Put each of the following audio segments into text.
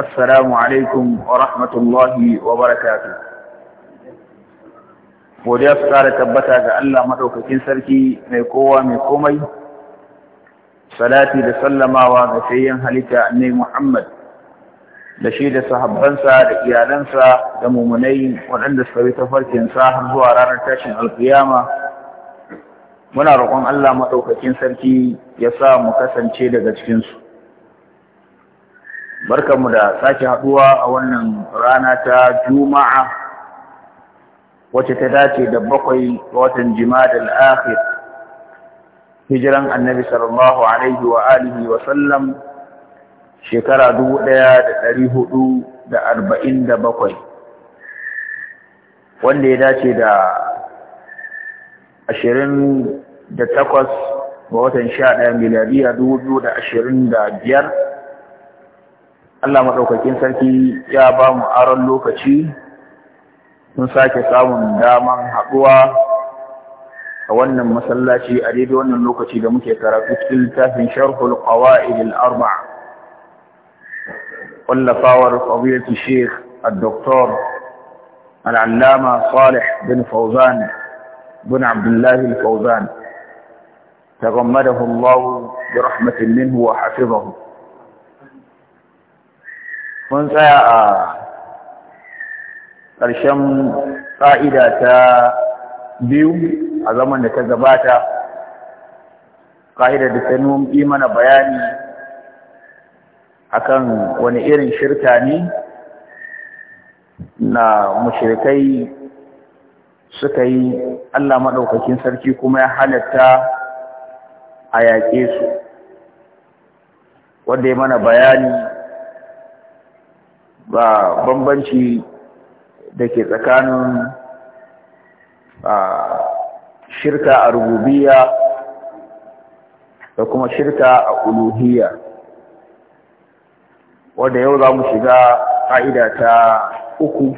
Assalamu alaikum wa rahmatullahi wa barakatu. Godiya su ƙara tabbata ga Allah maɗaukakin sarki mai kowa mai komai, salati da sallamawa ga fayyan halitta ne Muhammad, da shi da sahabbansa da iyalansa da mummunai waɗanda suka bi tafarkinsa har zuwa ranar tashin alfiyama. Muna roƙon Allah maɗaukakin sarki ya sa mu kasance daga cikinsu. barkanmu da sake haduwa a wannan rana ta juma'a wacce ta dace da bakwai watan jimadal akhir hijiran annabi sallallahu alaihi wa alihi wa sallam shekara dubu ɗaya da ɗari hudu da arba'in da bakwai wanda ya dace da ashirin da takwas ga watan sha ɗaya miliyariya dubu biyu da ashirin da biyar Allah maɗaukakin sarki ya ba mu aron lokaci mun sake samun daman haɗuwa a wannan masallaci a daidai wannan lokaci da muke karatu cikin littafin sharhul qawa'id al-arba' fawar fadilatu sheikh al-doktor al-allama salih bin fawzan bin abdullahi al-fawzan tagammadahu Allah bi rahmatin minhu wa hafizahu mun tsaya a ƙarshen ƙa'ida ta biyu a zaman da ta gabata ƙa'ida da ta yi mana bayani akan wani irin shirka ne na mashirkai suka yi Allah maɗaukakin sarki kuma ya halatta a yaƙe su wanda ya mana bayani ba bambanci da ke tsakanin shirka a rububiya da kuma shirka a uluhiya. wadda yau za mu shiga ƙa'ida ta uku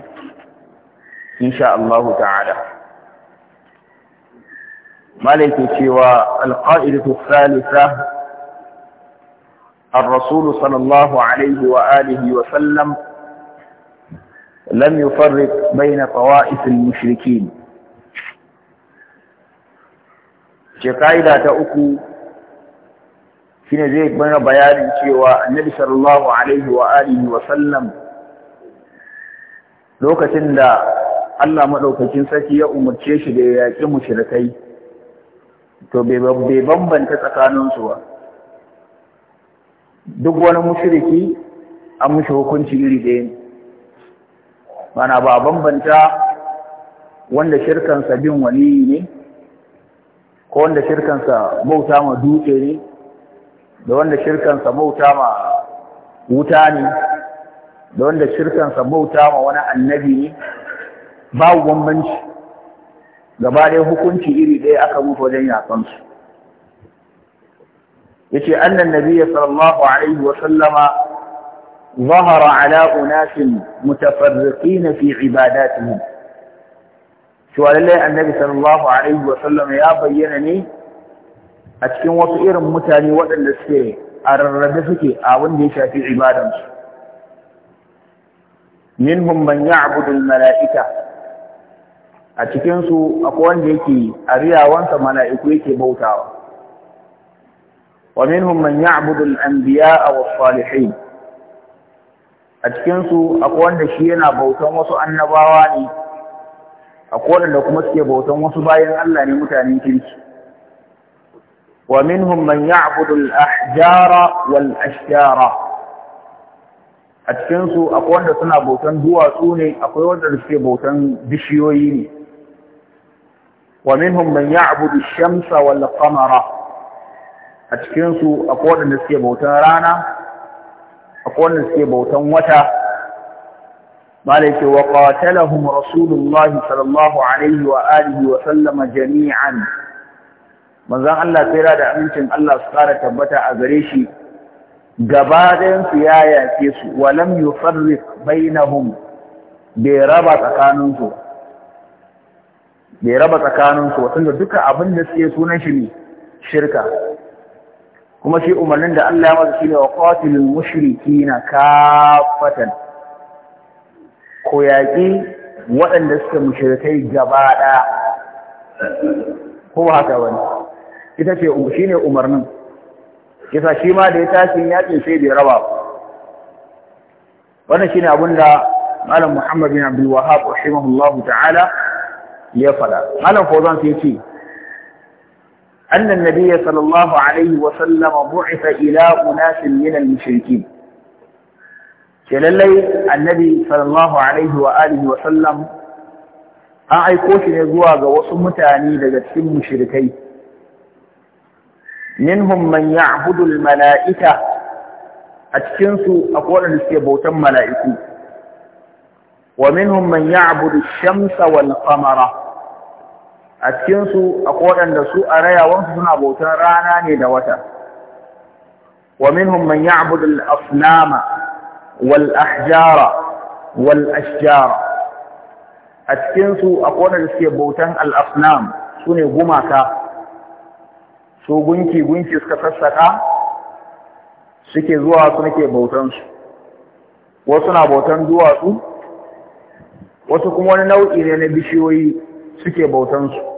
insha Allah ta'ala ke cewa alƙa'idatu salisa الرسول صلى الله عليه وآله وسلم لم يفرق بين طوائف المشركين ce ka'ida ta uku shine zai bana bayanin cewa annabi sallallahu alaihi wa alihi wa sallam lokacin da Allah madaukakin sarki ya umarce shi da yaƙi mushrikai to bai bambanta tsakaninsu ba duk wani mushriki an mushi hukunci iri ɗaya mana ba bambanta wanda shirkansa bin waliyi ne ko wanda shirkansa bauta ma dutse ne da wanda shirkansa bauta ma wuta ne da wanda shirkansa bauta ma wani annabi ne babu bambanci gaba ɗaya hukunci iri ɗaya aka mutu wajen Ya yace annan nabiyya sallallahu alaihi wa sallama ظهر على أناس متفرقين في عباداتهم شو قال لي النبي صلى الله عليه وسلم يا بيّنني أتكن وصير متاني وأن لسكي أرردفك أعوندي شافي عبادهم منهم من يعبد الملائكة أتكن سو أقوان ديكي أريا وانت ملائكويك بوتاوا ومنهم من يعبد الأنبياء والصالحين a cikinsu akwai wanda shi yana bautan wasu annabawa ne akwai wanda kuma suke bautan wasu bayan Allah ne mutanen kirki wa minhum man ya'budu al-ahjara wal ashjara a cikinsu akwai wanda suna bautan duwatsu ne akwai wanda suke bautan bishiyoyi ne wa minhum man ya'budu ash-shamsa wal qamara a cikinsu akwai wanda suke bautan rana akwai wanda suke bautan wata malai ce wa qatalahum rasulullahi sallallahu alaihi wa alihi wa sallama jami'an manzon Allah tsira da amincin Allah su kara tabbata a gare shi gaba ɗayan su ya su wa lam yufarriq bainahum bai raba tsakanin su bai raba tsakanin su wanda duka abin da suke sunan shi ne shirka kuma shi umarnin da Allah ya masa shine wa qatilul mushrikina kafatan ko yaki waɗanda suka mushrikai gaba ɗaya haka wani ita ce ne umarnin kisa shi ma da ya tashi yakin sai bai raba wannan shine abin da malam Muhammad bin Abdul Wahhab rahimahullahu ta'ala ya fada malam Fauzan sai ce أن النبي صلى الله عليه وسلم بعث إلى أناس من المشركين شلالي النبي صلى الله عليه وآله وسلم أعيقوش آه، نزواغ وصمتاني لجسم مشركي منهم من يعبد الملائكة أتكنسوا أقوال السيبوتا ملائكي ومنهم من يعبد الشمس والقمر a cikinsu akwai waɗanda su a rayawansu suna bautar rana ne da wata wa minhum man ya'budu al-asnama wal ahjara wal ashjara a cikinsu akwai waɗanda suke bautan al-asnam sune gumaka su gunki gunki suka sassaka suke zuwa su nake bautan su wasu na bautan duwatsu wasu kuma wani nau'i ne na bishiyoyi suke bautan su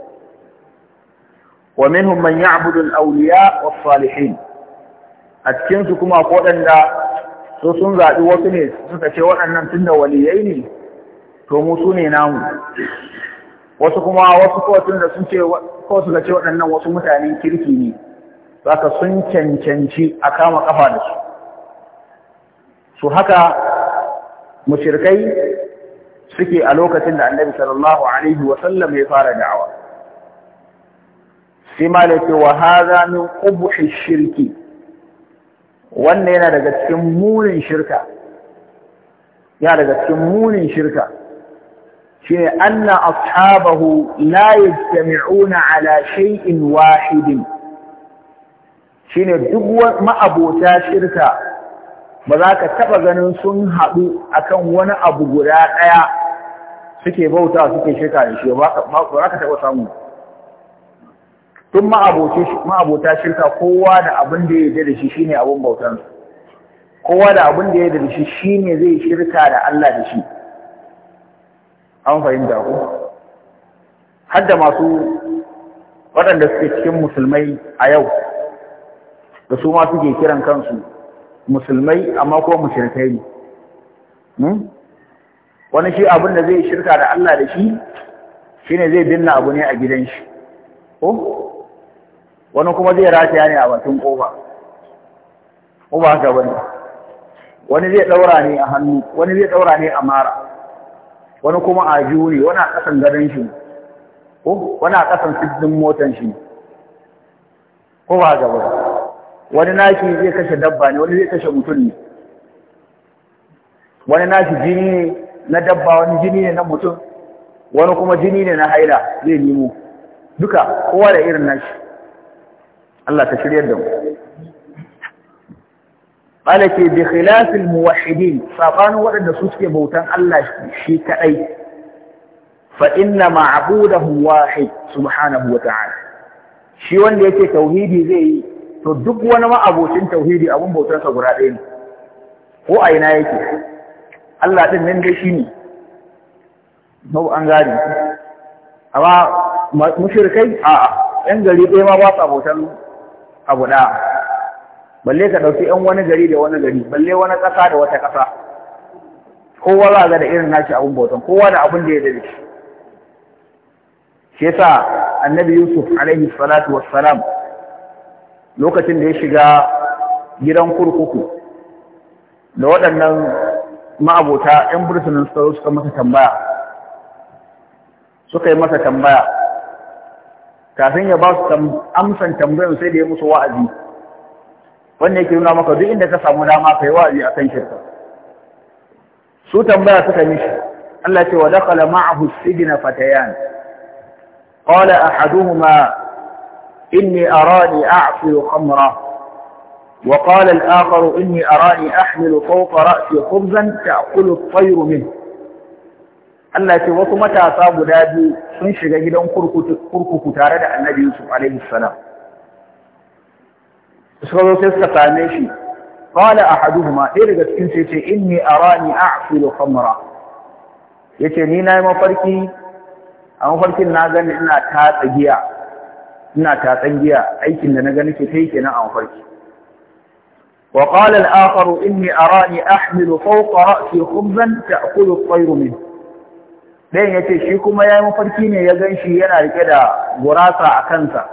wa minhum man ya'budu al-awliya was-salihin atkin su kuma ko danda so sun zabi wasu ne suka ce waɗannan tunda waliyai ne to mu su ne namu wasu kuma wasu ko tunda sun ce ko suka ce waɗannan wasu mutanen kirki ne zaka sun cancanci a kama kafa da su so haka mushrikai suke a lokacin da Annabi sallallahu alaihi wa sallam ya fara da'awa shi ma da ce wa haza min shirki wannan yana daga cikin munin shirka yana daga cikin munin shirka shine anna ashabahu la yajtami'una ala shay'in wahidin shine duk ma'abota shirka ba za ka taɓa ganin sun haɗu akan wani abu guda ɗaya suke bauta suke shirka da shi ba za ka taɓa samu tun ma'abota shirka kowa da abin da ya yarda da shi shine abin bautan kowa da abin da ya yarda da shi shine zai shirka da Allah da shi an fahimta ku har da masu waɗanda suke cikin musulmai a yau da su ma suke kiran kansu musulmai amma kuma mushrikai ne hmm? wani shi abin da zai shirka da Allah da shi shine zai binne abu ne a gidan shi ko wani kuma zai rataya ne a batun kofa ko ba haka bane wani zai ɗaura ne a hannu wani zai ɗaura ne a mara wani kuma a juri wani a ƙasan gadon shi ko wani a ƙasan sifin motan shi ko ba haka bane wani naki zai kashe dabba ne wani zai kashe mutum ne wani naki jini ne na dabba wani jini ne na mutum wani kuma jini ne na haila zai nemo duka kowa da irin nashi Allah ta shirya da mu ke bi khilafil muwahhidin sabanin waɗanda su suke bautan Allah shi kaɗai. fa inna ma'budahu wahid subhanahu wa ta'ala shi wanda yake tauhidi zai yi to duk wani ma'abocin tauhidi abun bautarsa guda ɗaya ne ko a ina yake Allah ɗin nan dai ne, nau an gane amma mushrikai a'a yan gari ɗaya ma ba sa bautan abu ɗaya balle ka ɗauki ‘yan wani gari da wani gari balle wani ƙasa da wata ƙasa kowa za ga da irin nashi abin bautan kowa da abun da ya dade shi shi yasa annabi yusuf alaihi salatu wassalam lokacin da ya shiga gidan kurkuku da waɗannan ma'abota ‘yan burtunan suka masa tambaya suka yi masa tambaya kafin ya ba su amsan tambayar sai da ya musu wa'azi wannan yake nuna maka duk inda ka samu dama kai wa'azi a kan shirka su tambaya suka mishi Allah ce wa dakala ma'ahu sijna fatayan qala ahaduhuma inni arani a'filu khamra wa qala al-akharu inni arani ahmilu fawqa ra'si khubzan ta'kulu at-tayru minhu Allah ce wasu matasa guda biyu sun shiga gidan kurkuku tare da annabi Yusuf alaihi salam. Suka zo sai suka same shi. Qala ahaduhuma ɗaya daga cikin sai ce in ni a a arani a'filu Ya ce ni na yi mafarki a mafarkin na gani ina tatsa giya. Ina tatsan giya aikin da na gani ke yi kenan a mafarki. in ni وقال الآخر إني أراني أحمل فوق رأسي خبزا تأكل الطير منه ɗayan ya ce shi kuma ya yi mafarki ne ya gan shi yana rike da gurasa a kansa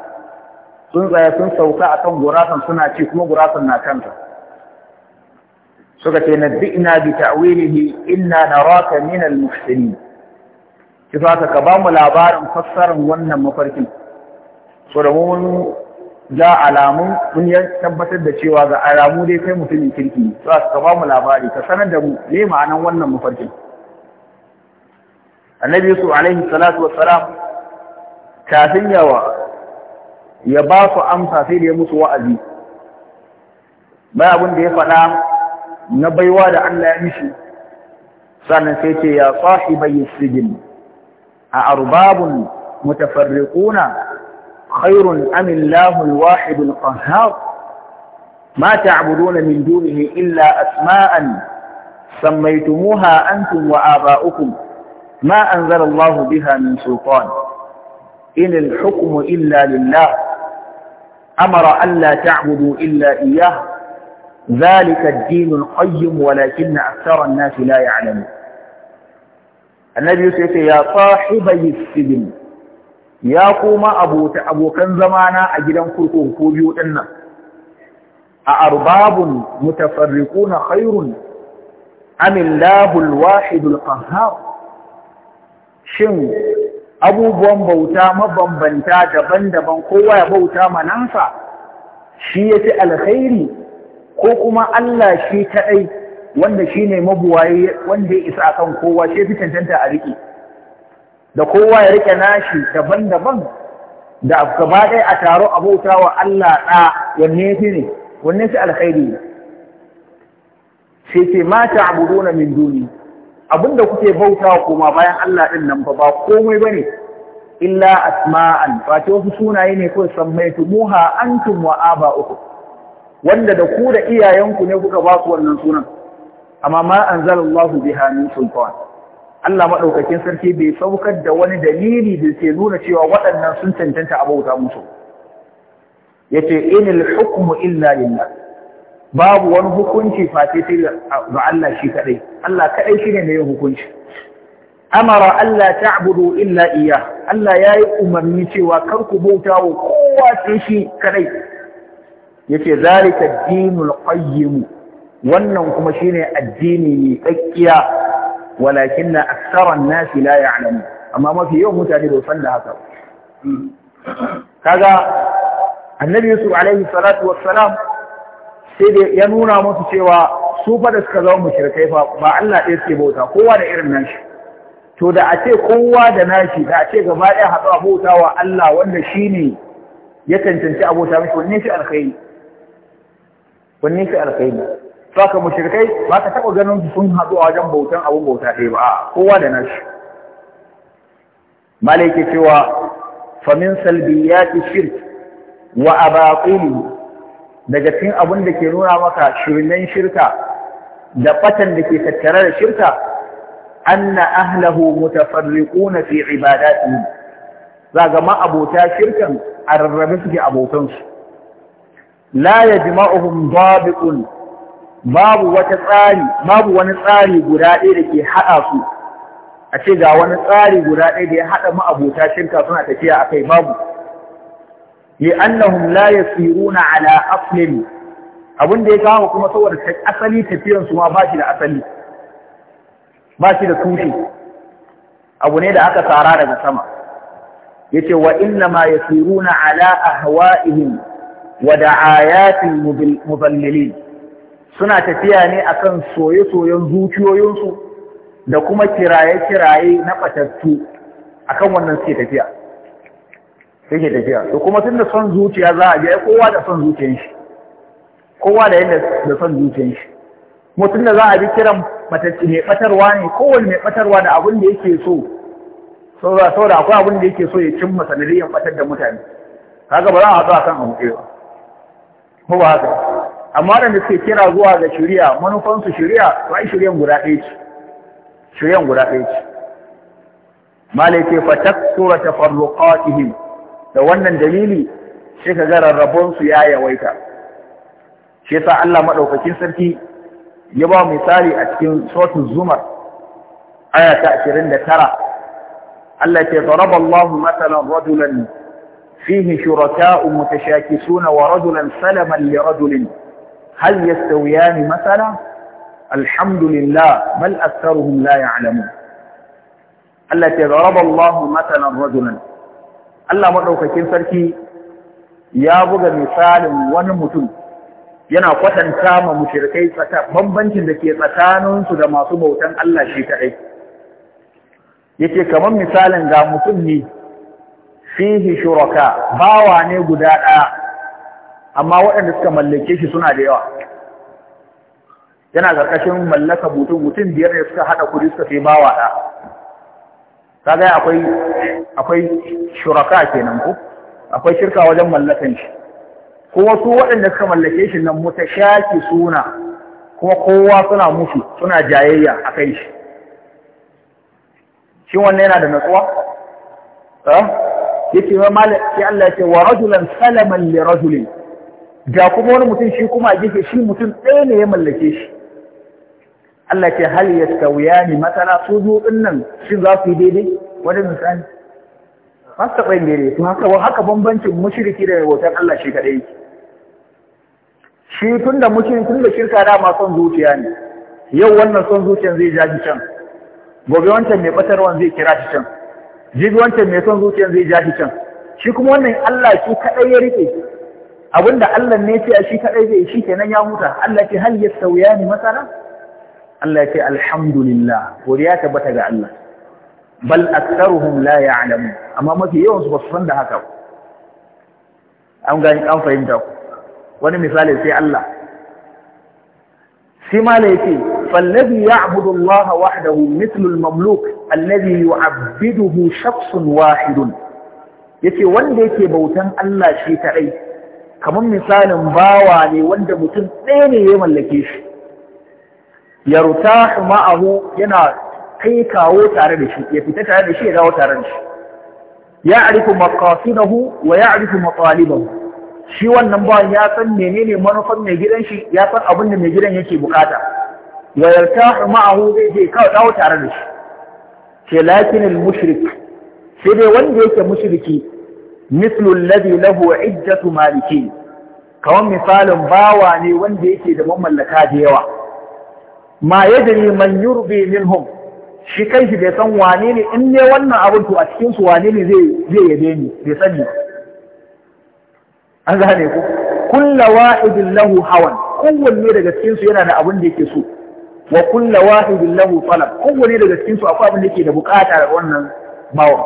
sun tsaya sun sauka a kan gurasan suna ci kuma gurasan na kansa suka ce na bi'na bi ta'wilihi inna naraka min al-muhsinin ki ka ba mu labarin fassarar wannan mafarkin so da mun ga alamu mun ya tabbatar da cewa ga alamu dai kai mutumin kirki so ka ba mu labari ka sanar da mu me ma'anan wannan mafarkin annabi su alaihi salatu wassalam kafin yawa ya ba su amsa sai da ya musu wa'azi bai abin da ya faɗa na baiwa da Allah ya mishi sannan sai ce ya sahibai sigin. a arbabun mutafarriquna khairun am Allahu al-wahid qahhar ma ta'buduna min dunihi illa asma'an sammaytumuha antum wa uku? ما أنزل الله بها من سلطان إن الحكم إلا لله أمر أن لا تعبدوا إلا إياه ذلك الدين القيم ولكن أكثر الناس لا يعلمون النبي يقول إيه؟ يا صاحبي السجن يا قوم أبو أبو كان زمانا أجل كلكم كوبيو إنا أأرباب متفرقون خير أم الله الواحد القهار shin abubuwan bauta mabambanta daban-daban kowa ya bauta manansa shi ya fi alkhairi ko kuma Allah shi kaɗai wanda shi ne mabuwaye wanda ya isa akan kowa shi fi cancanta a riƙe da kowa ya riƙe nashi daban-daban da gaba ɗaya a taro a bauta wa Allah ɗa wanne ya fi ne wanne fi alkhairi sai ce mata abuduna min duni Abin da kuke bautawa koma bayan Allah ɗin nan ba ba komai bane illa asma'an ba wasu sunaye ne kawai sammaitu muha antum wa uku. wanda da ku da iyayenku ne kuka ba su wannan sunan amma ma anzalallahu biha min sultan Allah maɗaukakin sarki bai saukar da wani dalili da ke nuna cewa waɗannan sun cancanta a bauta musu yace inil hukmu illa lillah babu wani hukunci face sai ga Allah shi kadai Allah kadai shine mai hukunci amara Allah ta'budu illa iya Allah yayi umarni cewa kar ku bauta wa kowa sai shi kadai yace zalika dinul qayyim wannan kuma shine addini ne Walakin walakinna aktharan nasi la ya'lamu amma mafi yawan mutane ba san da haka kaga annabi yusuf alaihi salatu sai da ya nuna musu cewa su fa da suka zama mushrikai fa ba Allah ɗaya suke bauta kowa da irin nashi to da a ce kowa da nashi da a ce gaba ɗaya haɗu a wa Allah wanda shi ne ya cancanci bauta mishi wanne shi alkhairi wanne shi alkhairi ka mushrikai ba ka taɓa ganin su sun haɗu a wajen bautan abun bauta ɗaya ba kowa da nashi malai ke cewa famin salbiyati shirk wa abaqilihi daga cikin abin da ke nuna maka shirmen shirka da fatan da ke tattare da shirka anna ahlahu mutafarriquna fi ibadatihim zaga ma abota shirkan a rarrabe suke abokansu la yajma'uhum dabiqun babu wata tsari babu wani tsari guda ɗaya da ke haɗa su a ce ga wani tsari guda ɗaya da ya haɗa ma'abota shirka suna tafiya a kai babu li'annahum la yasiruna ala aslin abin da ya kawo kuma saboda asali tafiyar su ma ba shi da asali ba shi da tushe abu ne da aka tsara daga sama yace wa inna ma yasiruna ala ahwa'ihim wa da'ayatin mudallilin suna tafiya ne akan soye-soyen zuciyoyinsu da kuma kiraye-kiraye na batattu akan wannan suke tafiya yake tafiya to kuma tun da son zuciya za a je kowa da son zuciyan shi kowa da yadda da son zuciyan shi mutum da za a bi kiran matacci mai batarwa ne kowane mai batarwa da abin da yake so saboda saboda akwai abin da yake so ya cimma sanadiyyar batar da mutane kaga ba za a haɗu a kan abu ba ko ba haka amma da suke kira zuwa ga shirya manufansu shirya to ai shiryan guda ɗaya ce shiryan guda ɗaya ce malai ce fa taksura tafarruqatihim da wannan dalili shi ka ga rarrabonsu ya yawaita shi yasa Allah madaukakin sarki ya ba misali a cikin suratul zumar aya ta tara. Allah ya daraba Allahu matalan rajulan fihi shuraka'u mutashakisuna wa rajulan salaman li rajulin hal yastawiyan masana, alhamdulillah bal aktharuhum la ya'lamun Allah ya daraba Allahu matalan radulan. Allah maɗaukakin sarki ya buga misalin wani mutum yana kwatanta ma mushrikai bambancin da ke tsakaninsu da masu bautan Allah shi kaɗai. Yake kamar misalin ga mutum ne fihi shuraka bawa ne guda ɗaya amma waɗanda suka mallake shi suna da yawa. Yana ƙarƙashin mallaka mutum mutum biyar ne suka haɗa kuɗi suka fi bawa ɗaya. kaga akwai akwai shuraka kenan ko akwai shirka wajen mallakan shi kuma su waɗanda suka mallake shi nan mutashaki suna kuma kowa suna musu suna jayayya a kai shi shi wannan yana da natsuwa eh yake ma malaki Allah ya ce wa rajulan salaman li rajulin ga kuma wani mutum shi kuma a gefe shi mutum ɗaya ne ya mallake shi Allah ce hal ya ne matala su zo ɗin nan shi za su yi daidai wadda misali ba su taɓa yin daidai to haka haka bambancin mushriki da rahoton Allah shi kadai tun shi tunda tun da shirka da ma son zuciya ne yau wannan son zuciyan zai jaji can gobe wancan mai batarwan zai kira shi can jibi wancan mai son zuciyan zai jaji can shi kuma wannan Allah shi kadai ya rike abinda Allah ne ce a shi kadai zai shi kenan ya huta Allah ce hal ya ne matala Allah ya ce alhamdulillah godiya tabbata ga Allah bal aktharuhum la ya'lamu amma mafi yawan su ba su san da haka an gani an fahimta ku wani misali sai Allah sai mala yake ya'budu Allah wahdahu mithlu al-mamluk alladhi yu'abbiduhu shakhsun wahidun yace wanda yake bautan Allah shi kadai kamar misalin bawa ne wanda mutum ɗaya ne ya mallake shi ya ruta ma'ahu yana kai kawo tare da shi ya fita tare da shi ya dawo tare da shi ya arifu maqasidahu wa ya arifu matalibahu shi wannan bawan ya san menene manufan mai gidan shi ya san abin da mai gidan yake bukata wa yartahu ma'ahu zai je kawo dawo tare da shi ke lakin al mushrik sai dai wanda yake mushriki mislu alladhi lahu iddatu maliki kawan misalin bawa ne wanda yake da mamallaka da yawa ma yajri man yurbi minhum shi kai shi bai san wane ne in ne wannan abin to a cikin su wane ne zai zai yabe ni bai sani an gane ku kullu wa'idin lahu hawan kowanne daga cikin su yana da abin da yake so wa kullu wa'idin lahu talab kowanne daga cikin su akwai abin da yake da bukata da wannan bawa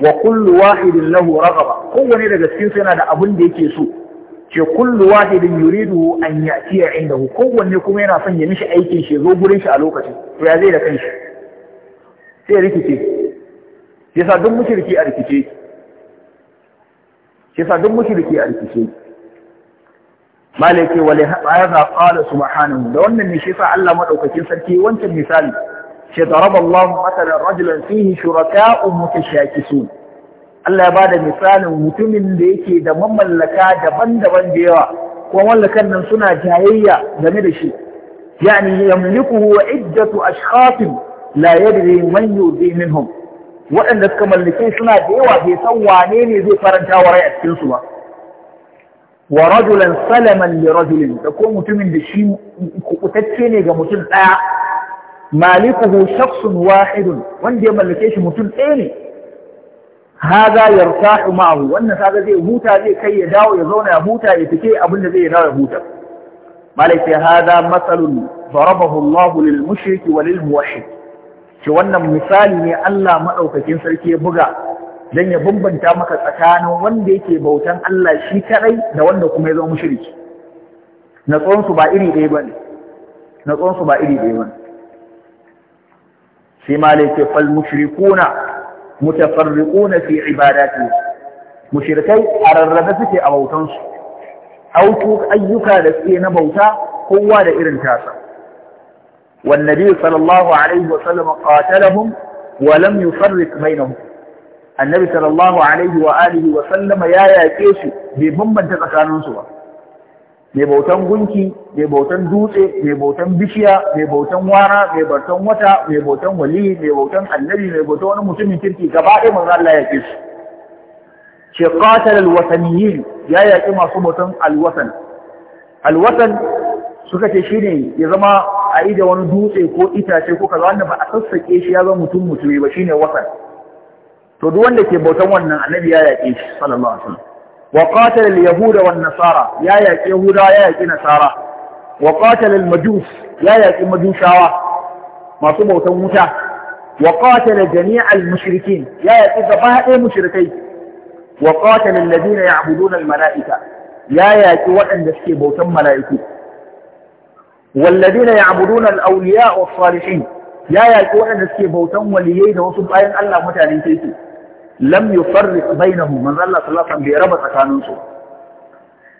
wa kullu wa'idin lahu ragaba kowanne daga cikin su yana da abin da yake so ce kullu wahidin yuridu an yatiya indahu kowanne kuma yana son ya mishi aikin shi zo gurin shi a lokacin to ya zai da kanshi sai rikice yasa duk mushriki a rikice yasa duk mushriki a rikice malaki wale hadha qala subhanahu da wannan ne shi sa Allah madaukakin sarki wancan misali ce daraba Allah matalan rajulan fihi shuraka'u mutashakisun Allah ya bada misalin mutumin da yake da mamallaka daban-daban da yawa kuma mallakan nan suna jayayya game da shi yani yamlikuhu wa iddatu ashkhasin la yadri man yurdi minhum waɗanda suka mallake suna da yawa bai san wane ne zai faranta wa rai a cikin su ba wa rajulan salaman li rajulin da ko mutumin da shi kubutacce ne ga mutum ɗaya malikuhu shakhsun wahidun wanda ya mallake shi mutum ɗaya ne haza yartahu ma'ahu wannan kaga zai huta zai kai ya dawo ya zauna ya huta ya fike abinda zai ya dawo ya huta malai sai haza masalun darabahu Allah lil mushrik wa lil muwahhid shi wannan misali ne Allah madaukakin sarki ya buga dan ya bambanta maka tsakanin wanda yake bautan Allah shi kadai da wanda kuma ya zama mushriki na tsawon su ba iri ɗaya bane na tsawon su ba iri ɗaya bane sai malai sai fal mushrikuna Mu mutafarriquna fi ibadati mushrikai a rarrabe suke a bautan su auku ayyuka da ke na bauta kowa da irin tasa wan nabi sallallahu alaihi wa sallam qatalahum wa lam yufarriq bainahum annabi sallallahu alaihi wa sallama ya yake su bai bambanta tsakaninsu ba mai bautan gunki mai bautan dutse mai bautan bishiya mai bautan wara mai bautan wata mai bautan wali mai bautan annabi mai bautan wani mutumin kirki gaba ɗaya manzo Allah ya ce su ce qatal ya yaƙi masu bautan alwatan alwatan suka ce shine ya zama a ida wani dutse ko itace ko kaza wanda ba a sassake shi ya zama mutum mutumi ba shine watan to duk wanda ke bautan wannan annabi ya yaki shi sallallahu alaihi wasallam wa qatala al-yahuda wan nasara ya yaki yahuda ya yaki nasara wa majus ya yaki majusawa masu bautan wuta wa qatala jami'a al-mushrikin ya yaki gaba ɗaya mushrikai wa qatala alladhina malaika ya waɗanda suke bautan mala'iku والذين يعبدون الأولياء والصالحين يا يا كوانا نسكي بوتان وليين وصبعين الله متعلين تيسي lam yufarriq bainahu manzo Allah sallallahu alaihi wasallam bai raba tsakanin su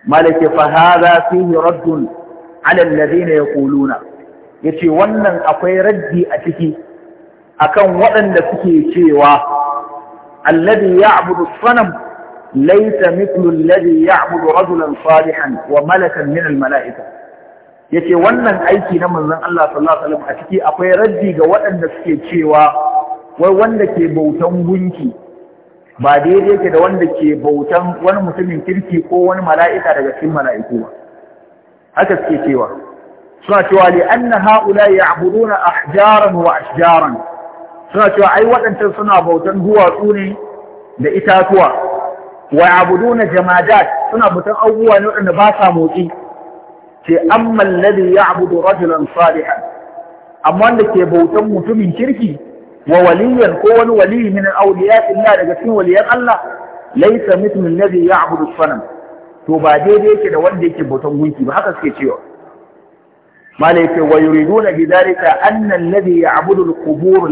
malaka fa hadha fihi raddun ala kuluna. Ya ce wannan akwai raddi a ciki akan waɗanda suke cewa alladhi ya'budu sanam laysa mithlu alladhi ya'budu rajulan salihan wa malakan min almala'ika yace wannan aiki na manzon Allah sallallahu alaihi wasallam a ciki akwai raddi ga waɗanda suke cewa wai wanda ke bautan gunki ba daidai yake da wanda ke bautan wani mutumin kirki ko wani mala'ika daga cikin mala'iku ba haka suke cewa suna cewa li anna haula ya'buduna ajiyaran wa ajiyaran. suna cewa ai waɗancan suna bautan duwatsu ne da itatuwa wa na jamadat suna bautan abubuwa ne waɗanda ba sa motsi ce amma alladhi abudu rajulan salihan amma wanda ke bautan mutumin kirki wa waliyan ko wani waliyi min awliya illa daga cikin waliyan Allah laysa mithl alladhi ya'budu sanam to ba daidai yake da wanda yake bautan gunki ba haka suke cewa mala yake wa yuriduna bi dhalika anna alladhi ya'budu alqubur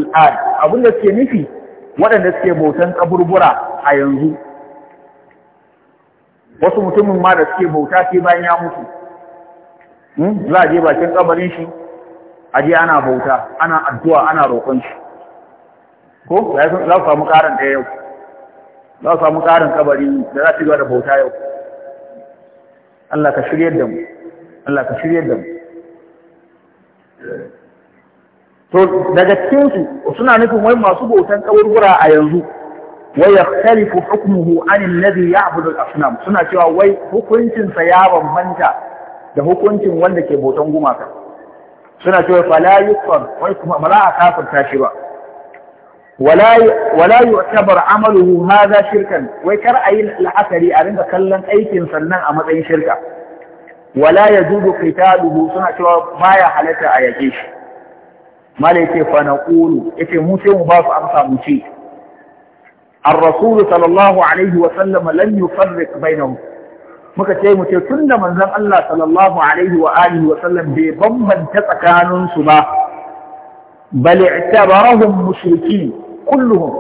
abin da suke nufi waɗanda suke bautan kaburbura a yanzu wasu mutumin ma da suke bauta sai bayan ya mutu hmm? za a je bakin kabarin shi a je ana bauta ana addu'a ana roƙon shi ko za su samu ƙarin ɗaya yau za su samu ƙarin kabari da za su yi da bauta yau Allah ka shirya da mu Allah ka shirya da mu to daga cikinsu suna nufin wai masu bautan kaburbura a yanzu wai ya tarifu hukumuhu anin nabi ya abu da asnam suna cewa wai hukuncinsa ya bambanta da hukuncin wanda ke bautan gumaka suna cewa fala yukfar wai kuma ba za a kafin shi ba wala yu'tabar amaluhu hadha shirkan wai kar ayi la'akari a rinka kallon aikin sannan a matsayin shirka wala yajudu qitaluhu suna cewa baya halatta a yake shi mala yace fa naqulu yace mu sai mu ba su amsa mu ce ar-rasul sallallahu alaihi wa sallam lam yufarriq bainahum muka ce mu ce tunda manzon Allah sallallahu alaihi wa alihi wa sallam bai bambanta tsakanin su ba bal i'tabarahum mushrikin kulluhum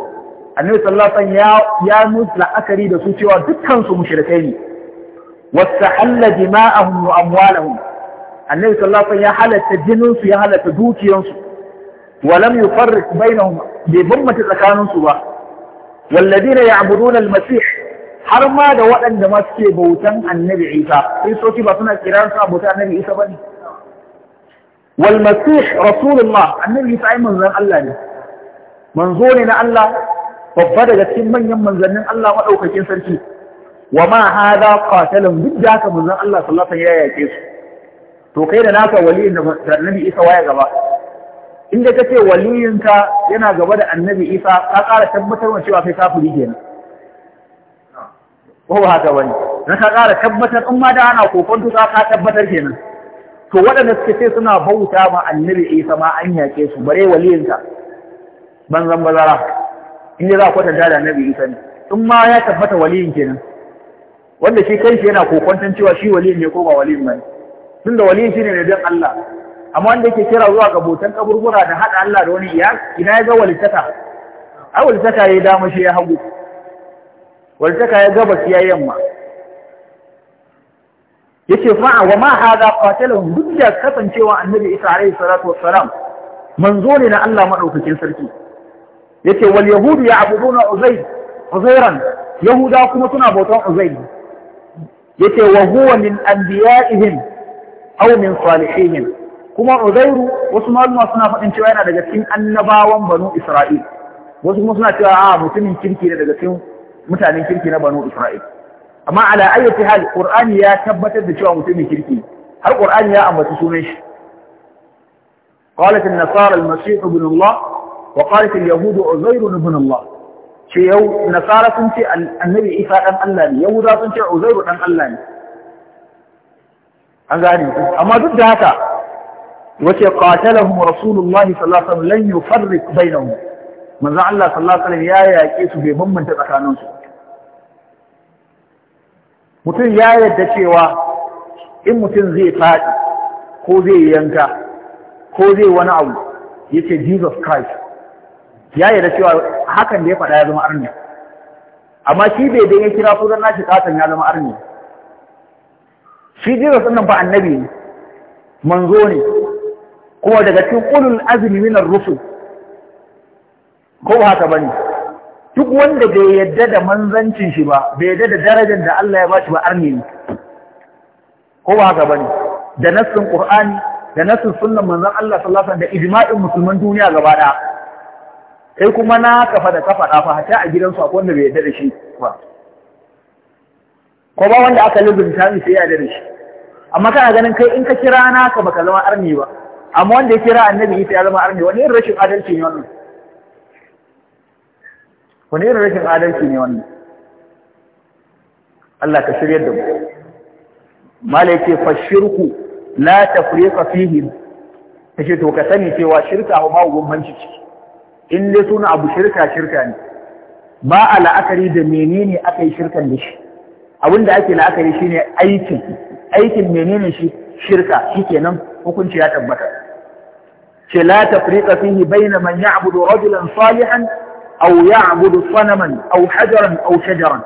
annabi sallallahu alaihi wasallam ya ya musu la'akari da su cewa dukkan su mushrikai ne wastahalla dima'ahum wa amwalahum annabi sallallahu alaihi wasallam ya halatta jinin su ya halatta dukiyansu wa lam yufarriq bainahum bai bambanta tsakanin su ba walladina ya'buduna al-masih har ma da waɗanda ma suke bautan annabi Isa Sai kristoci ba suna kiran su bautan annabi Isa bane wal masih rasulullah annabi Isa ai manzon Allah ne manzo ne na Allah babba daga cikin manyan manzannin Allah maɗaukakin sarki wa ma hada qatalan duk da haka manzon Allah sallallahu alaihi wasallam ya yake su to kai da naka waliyin da annabi Isa waya gaba Inda da kace waliyinka yana gaba da annabi Isa ka ƙara tabbatar wa cewa kai kafiri kenan ko ba haka bane na ka ƙara tabbatar in ma da ana kokonto za ka tabbatar kenan to waɗanda suke ce suna bauta ma annabi Isa ma an yake su bare waliyinka banzan bazara inda za a kwatanta da annabi isa ne in ma ya tabbata waliyin kenan wanda shi kanshi yana kokwantan cewa shi waliyin ne ko ba waliyin ba ne tunda waliyin shine ne don Allah amma wanda yake kira zuwa ga botan kaburbura da haɗa Allah da wani iya ina ya ga walitaka A walitaka ya dama shi ya hagu walitaka ya gaba ya yamma yace fa wa ma hada qatalun duk da kasancewa annabi isa alaihi salatu wassalam manzo ne na Allah madaukakin sarki yake wal yahudu ya'buduna uzayr uzayran yahuda kuma suna bautan uzayr yake wa huwa min anbiya'ihim aw min salihihim kuma uzayru wasu malama suna fadin cewa yana daga cikin annabawan banu isra'il wasu kuma suna cewa a mutumin kirki ne daga cikin mutanen kirki na banu isra'il amma ala ayyati hal qur'ani ya tabbatar da cewa mutumin kirki har qur'ani ya ambaci sunan shi قالت النصارى المسيح ابن الله wa qalat al-yahud uzair ibn Allah ce yau nasara sun ce annabi Isa dan Allah ne yahuda sun ce uzair dan Allah ne an gane amma duk da haka wace qatalahum rasulullahi sallallahu alaihi wasallam lan yufarriq bainahum manzo Allah sallallahu alaihi wasallam ya yaƙe su bai bambanta tsakaninsu mutum ya yarda cewa in mutum zai fadi, ko zai yanka ko zai wani abu yace Jesus Christ ya yi da cewa hakan da ya faɗa ya zama arni amma shi bai dai ya kira sunan nashi ƙasan ya zama arni shi jira sunan ba annabi ne manzo ne kuma daga cikin ƙulun azumi na rufu rusul ko haka bane duk wanda bai yadda da manzancin shi ba bai yadda da darajar da Allah ya bashi ba arni ne ko haka bane da nassin qur'ani da nassin sunan manzan Allah sallallahu alaihi wasallam da ijma'in musulman duniya gaba ɗaya kai kuma na kafa da kafa ɗafa hata a gidansu akwai wanda bai yarda da shi ba ko ba wanda aka lubunta mi sai ya yarda da shi amma kana ganin kai in ka kira na ka baka zama arni ba amma wanda ya kira annabi ita ya zama arni wani irin rashin adalci ne wannan wani irin rashin adalci ne wannan Allah ka shirya da mu malaike fa shirku la tafriqa fihi kace to ka sani cewa shirka ba bambanci ciki in dai suna abu shirka shirka ne ba a la'akari da menene aka yi shirkan da shi abin da ake la'akari shine aikin aikin menene shi shirka shikenan hukunci ya tabbata ce la tafriqa fihi bayna man ya'budu rajulan salihan aw ya'budu sanaman hajaran aw shajaran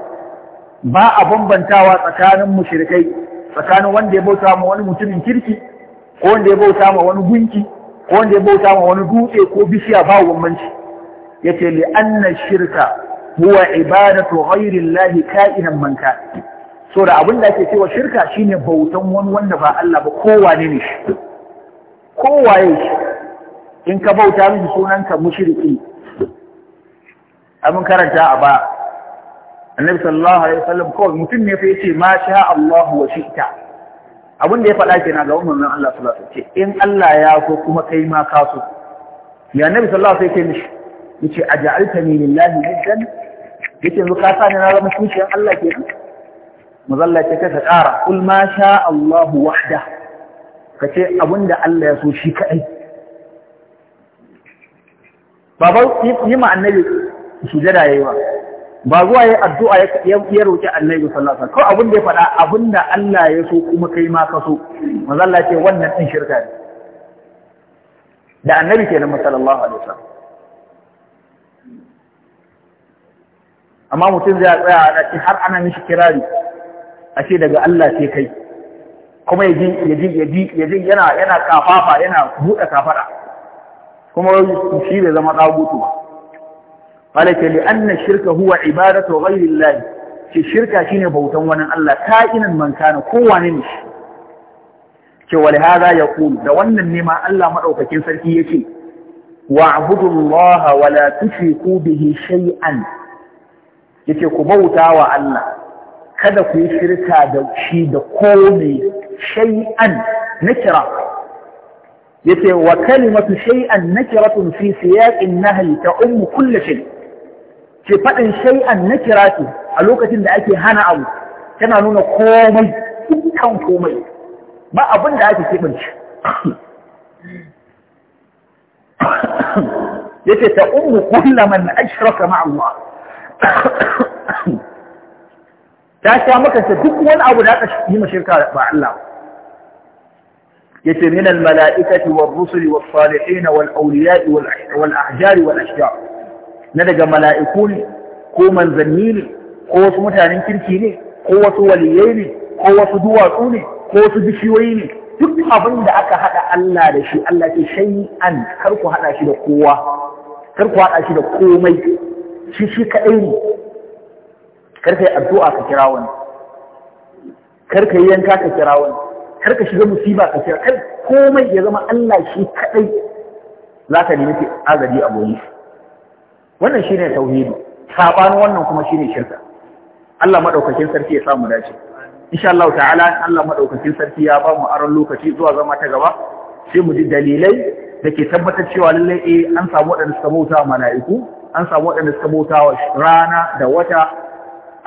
ba a bambantawa tsakanin mushrikai tsakanin wanda ya bauta ma wani mutumin kirki ko wanda ya bauta ma wani gunki ko wanda ya bauta wa wani dutse ko bishiya ba bambanci yace li anna shirka huwa ibadatu ghayri allahi ka'inan man so da abin da ake cewa shirka shine bautan wani wanda ba Allah ba Kowa ne shi ya shi in ka bauta miki sunanka mushriki abin karanta a ba annabi sallallahu alaihi wasallam kawai mutum ne fa yace ma sha Allahu wa shi'ta abin da ya faɗa na ga umarnin Allah sallallahu alaihi ce in Allah ya so kuma kai ma kasu so ya nabi sallallahu alaihi wasallam sai ce yace ni lillahi niddan yace yanzu ka sa na zama kishiyan Allah kenan mazalla ce ta ƙara kul ma sha Allahu wahda kace abin da Allah ya so shi kaɗai babau yi ma annabi sujada yayi ba. ba zuwa ya addu'a ya roƙi annabi sallallahu alaihi wasallam abin da ya faɗa abin da Allah ya so kuma kai ma ka so manzo ce wannan din shirka ne da annabi nan sallallahu alaihi wasallam amma mutum zai tsaya a ɗaki har ana mishi kirari a ce daga Allah ce kai kuma ya ji yana kafafa yana buɗe kafara kuma shi bai zama ɗagutu ba qala li'anna shirka huwa ibadatu ghayri Allah shi shirka shine bautan wani Allah ka'inan man kana kowane ne ce wal hada yaqul da wannan ne ma Allah madaukakin sarki yake wa'budu Allah wa la tushriku bihi shay'an yace ku bauta wa Allah kada ku yi shirka da shi da komai shay'an nakira yace wa kalimatu shay'an nakiratun fi siyaqin nahyi ta ummu kulli shay' ke faɗin shay'an na kirati a lokacin da ake hana abu tana nuna komai dukkan komai ba abin da ake keɓance yake ta umu kulla man ashraka ma Allah ta sha makanta duk wani abu da aka yi mashirka ba Allah yace min al mala'ikati wa rusuli wa salihin wal awliya wal ahjar wal ashjar na daga mala'iku ne ko manzanni ne ko wasu mutanen kirki ne ko wasu waliyai ne ko wasu duwatsu ne ko wasu bishiyoyi ne duk abin da aka haɗa Allah da shi Allah ce shay'an an karku haɗa shi da kowa karku haɗa shi da komai shi shi kaɗai ne kar ka yi addu'a ka kira wani kar ka yi yanka ka kira wani kar ka shiga musiba ka kira kai, komai ya zama Allah shi kaɗai za ka nemi azabi a gobe wannan shine tauhidi sabanin wannan kuma shine shirka Allah madaukakin sarki ya samu dace insha Allah ta'ala Allah madaukakin sarki ya ba mu aron lokaci zuwa zama ta gaba sai mu ji dalilai da ke tabbatar cewa lallai eh an samu waɗanda suka bauta mala'iku an samu waɗanda suka bauta wa rana da wata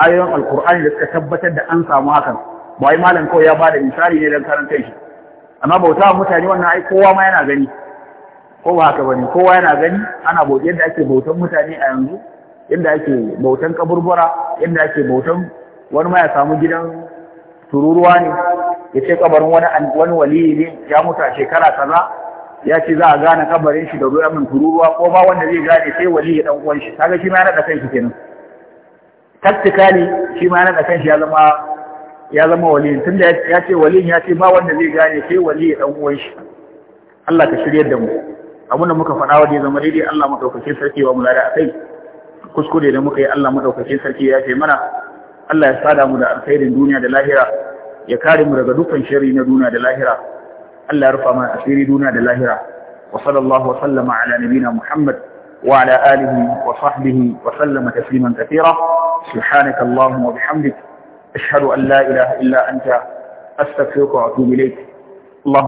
ayoyin alkur'ani da suka tabbatar da an samu hakan ba wai malam kawai ya bada misali ne don karantar shi amma bauta mutane wannan ai kowa ma yana gani ko ba haka bane kowa yana gani ana bauta yadda ake bautan mutane a yanzu yadda ake bautan kaburbura yadda ake bautan wani ma ya samu gidan tururuwa ne ya ce kabarin wani wani waliyi ne ya mutu a shekara kaza ya ce za a gane kabarin shi da ruwan min tururuwa ko ba wanda zai gane sai waliyi dan uwan shi kaga shi ma yana da kanshi kenan taktikali shi ma yana da kanshi ya zama ya zama waliyin tunda ya ce waliyin ya ce ba wanda zai gane sai waliyi dan uwan shi Allah ka shirye da mu abin da muka faɗa wanda ya zama daidai Allah madaukakin sarki wa mulada a kai kuskure da muka yi Allah madaukakin sarki ya ce mana Allah ya sada mu da alkhairin duniya da lahira ya kare mu daga dukkan shari na duniya da lahira Allah ya rufa mana asiri duniya da lahira wa sallallahu wa sallama ala nabina Muhammad wa ala alihi wa sahbihi wa sallama tasliman kathira subhanaka allahumma wa bihamdik ashhadu an la ilaha illa anta astaghfiruka wa atubu ilayk